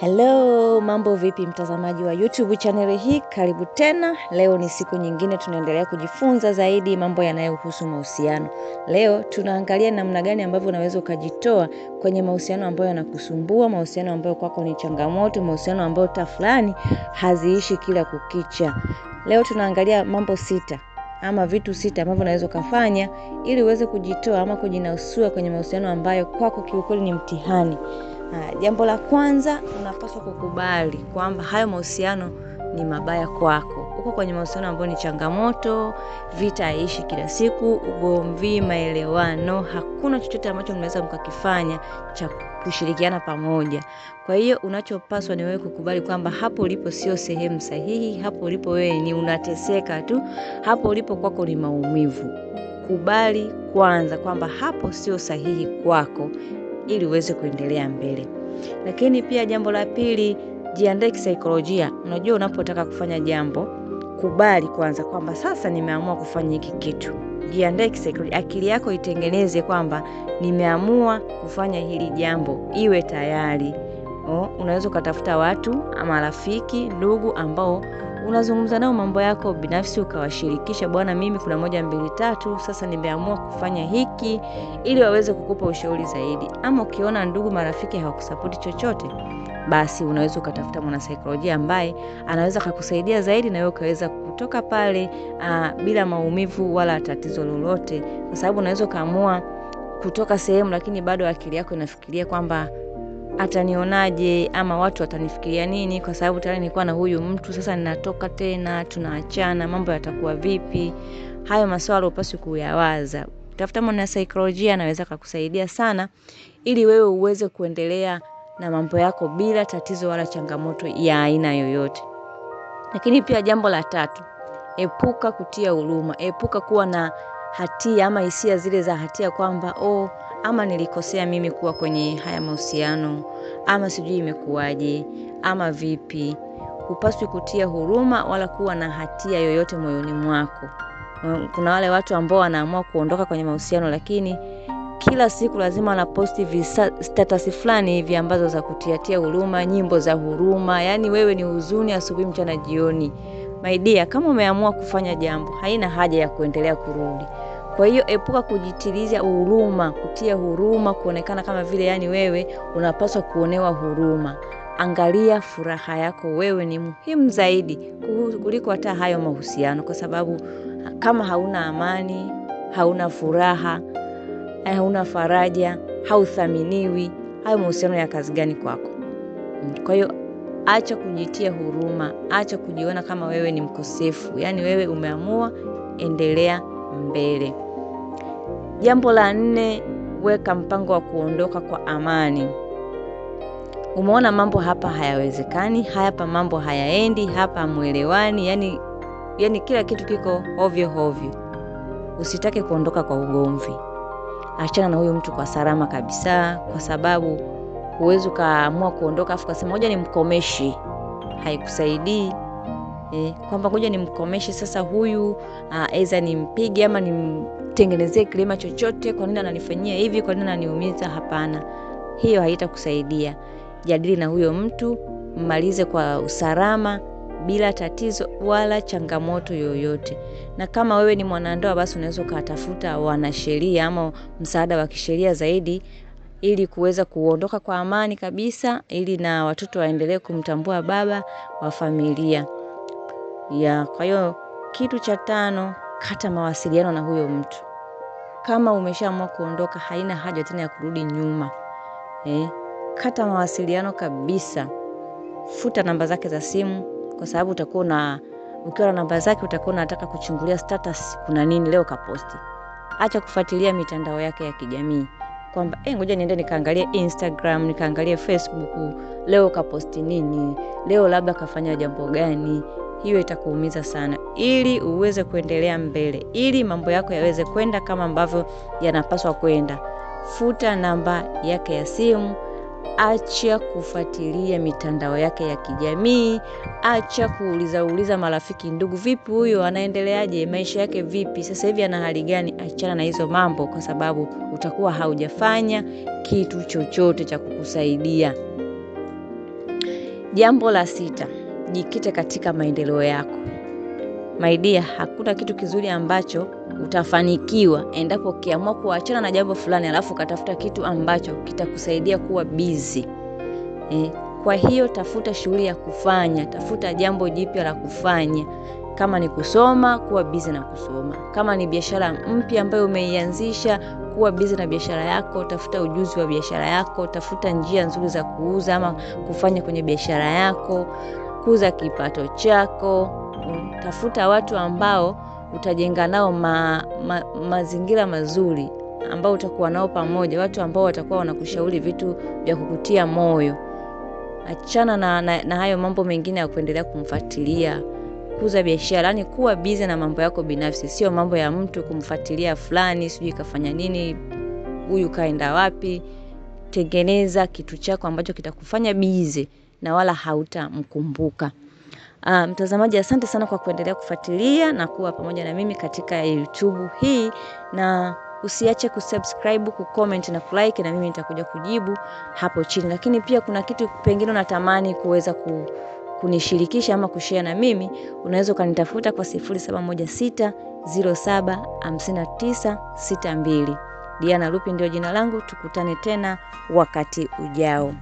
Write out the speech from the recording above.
Hello, mambo vipi mtazamaji wa YouTube channel hii? Karibu tena. Leo ni siku nyingine tunaendelea kujifunza zaidi mambo yanayohusu mahusiano. Leo tunaangalia namna gani ambavyo unaweza ukajitoa kwenye mahusiano ambayo yanakusumbua, mahusiano ambayo kwako ni changamoto, mahusiano ambayo ta fulani haziishi kila kukicha. Leo tunaangalia mambo sita ama vitu sita ambavyo unaweza ukafanya ili uweze kujitoa ama kujinausua kwenye mahusiano ambayo kwako kiukweli ni mtihani. Uh, jambo la kwanza unapaswa kukubali kwamba hayo mahusiano ni mabaya kwako. Uko kwenye mahusiano ambayo ni changamoto, vita aishi kila siku, ugomvi, maelewano, hakuna chochote ambacho mnaweza mkakifanya cha kushirikiana pamoja. Kwa hiyo unachopaswa ni wewe kukubali kwamba hapo ulipo sio sehemu sahihi, hapo ulipo wewe ni unateseka tu, hapo ulipo kwako ni maumivu. Kubali kwanza kwamba hapo sio sahihi kwako, ili uweze kuendelea mbele. Lakini pia jambo la pili, jiandae kisaikolojia. Unajua, unapotaka kufanya jambo, kubali kwanza kwamba sasa nimeamua kufanya hiki kitu jiandae kisaikolojia, akili yako itengeneze kwamba nimeamua kufanya hili jambo, iwe tayari. Oh, unaweza ukatafuta watu, marafiki, ndugu ambao unazungumza nao mambo yako binafsi, ukawashirikisha, bwana, mimi kuna moja mbili tatu, sasa nimeamua kufanya hiki, ili waweze kukupa ushauri zaidi. Ama ukiona ndugu marafiki hawakusapoti chochote basi unaweza ukatafuta mwanasaikolojia ambaye anaweza akakusaidia zaidi, na wewe ukaweza kutoka pale uh, bila maumivu wala tatizo lolote, kwa sababu unaweza ukaamua kutoka sehemu, lakini bado akili yako inafikiria kwamba atanionaje ama watu watanifikiria nini, kwa sababu tayari nilikuwa na huyu mtu, sasa ninatoka tena, tunaachana, mambo yatakuwa vipi? Hayo maswala upaswi kuyawaza. Tafuta mwanasaikolojia, anaweza kakusaidia sana, ili wewe uweze kuendelea na mambo yako bila tatizo wala changamoto ya aina yoyote. Lakini pia jambo la tatu, epuka kutia huruma, epuka kuwa na hatia ama hisia zile za hatia kwamba oh, ama nilikosea mimi kuwa kwenye haya mahusiano, ama sijui imekuwaje, ama vipi. Hupaswi kutia huruma wala kuwa na hatia yoyote moyoni mwako. Kuna wale watu ambao wanaamua kuondoka kwenye mahusiano lakini kila siku lazima anaposti visa status fulani hivi ambazo za kutiatia huruma, nyimbo za huruma, yaani wewe ni huzuni asubuhi, mchana, jioni. My dear, kama umeamua kufanya jambo, haina haja ya kuendelea kurudi. Kwa hiyo epuka kujitiliza huruma, kutia huruma, kuonekana kama vile yani wewe unapaswa kuonewa huruma. Angalia furaha yako wewe, ni muhimu zaidi kuliko hata hayo mahusiano, kwa sababu kama hauna amani, hauna furaha hauna faraja, hauthaminiwi, hayo mahusiano ya kazi gani kwako? Kwa hiyo acha kujitia huruma, acha kujiona kama wewe ni mkosefu. Yaani wewe umeamua, endelea mbele. Jambo la nne, weka mpango wa kuondoka kwa amani. Umeona mambo hapa hayawezekani, hapa mambo hayaendi, hapa hamwelewani, yani yani kila kitu kiko hovyo hovyo. Usitake kuondoka kwa ugomvi achana na huyu mtu kwa salama kabisa, kwa sababu huwezi ukaamua kuondoka afu kasema ni mkomeshi haikusaidii e, kwamba ngoja mkomeshi sasa huyu ah, aidha nimpige ama nimtengenezee kilema chochote. Kwa nini ananifanyia hivi? Kwa nini ananiumiza? Hapana, hiyo haitakusaidia. Jadili na huyo mtu, mmalize kwa usalama bila tatizo wala changamoto yoyote. Na kama wewe ni mwanandoa, basi unaweza ukatafuta wanasheria ama msaada wa kisheria zaidi ili kuweza kuondoka kwa amani kabisa, ili na watoto waendelee kumtambua baba wa familia ya. Kwa hiyo kitu cha tano, kata mawasiliano na huyo mtu. Kama umeshaamua kuondoka, haina haja tena ya kurudi nyuma eh. Kata mawasiliano kabisa, futa namba zake za simu kwa sababu utakuwa na ukiwa na namba zake utakuwa unataka kuchungulia status kuna nini leo kaposti. Acha kufuatilia mitandao yake ya kijamii kwamba eh, ngoja niende nikaangalie Instagram, nikaangalie Facebook, leo kaposti nini, leo labda kafanya jambo gani. Hiyo itakuumiza sana, ili uweze kuendelea mbele, ili mambo yako yaweze kwenda kama ambavyo yanapaswa kwenda. Futa namba yake ya simu acha kufuatilia mitandao yake ya kijamii, acha kuuliza uliza marafiki, ndugu, vipi huyo anaendeleaje, maisha yake vipi, sasa hivi ana hali gani? Achana na hizo mambo, kwa sababu utakuwa haujafanya kitu chochote cha kukusaidia. Jambo la sita, jikite katika maendeleo yako. My dear, hakuna kitu kizuri ambacho utafanikiwa endapo ukiamua kuachana na jambo fulani alafu ukatafuta kitu ambacho kitakusaidia kuwa busy. Eh, kwa hiyo tafuta shughuli ya kufanya, tafuta jambo jipya la kufanya. Kama ni kusoma, kuwa busy na kusoma. Kama ni biashara mpya ambayo umeianzisha, kuwa busy na biashara yako, tafuta ujuzi wa biashara yako, tafuta njia nzuri za kuuza ama kufanya kwenye biashara yako, kuza kipato chako tafuta watu ambao utajenga nao ma, ma, mazingira mazuri ambao utakuwa nao pamoja, watu ambao watakuwa wanakushauri vitu vya kukutia moyo. Achana na, na, na hayo mambo mengine ya kuendelea kumfuatilia. Kuza biashara, yani kuwa bize na mambo yako binafsi, sio mambo ya mtu kumfuatilia fulani, sijui kafanya nini, huyu kaenda wapi. Tengeneza kitu chako ambacho kitakufanya bize na wala hautamkumbuka. Ah, mtazamaji, um, asante sana kwa kuendelea kufuatilia na kuwa pamoja na mimi katika YouTube hii na usiache kusubscribe, kucomment na kulike, na mimi nitakuja kujibu hapo chini. Lakini pia kuna kitu pengine unatamani kuweza ku, kunishirikisha ama kushare na mimi, unaweza ukanitafuta kwa 0716075962. Diana Lupi ndio jina langu. Tukutane tena wakati ujao.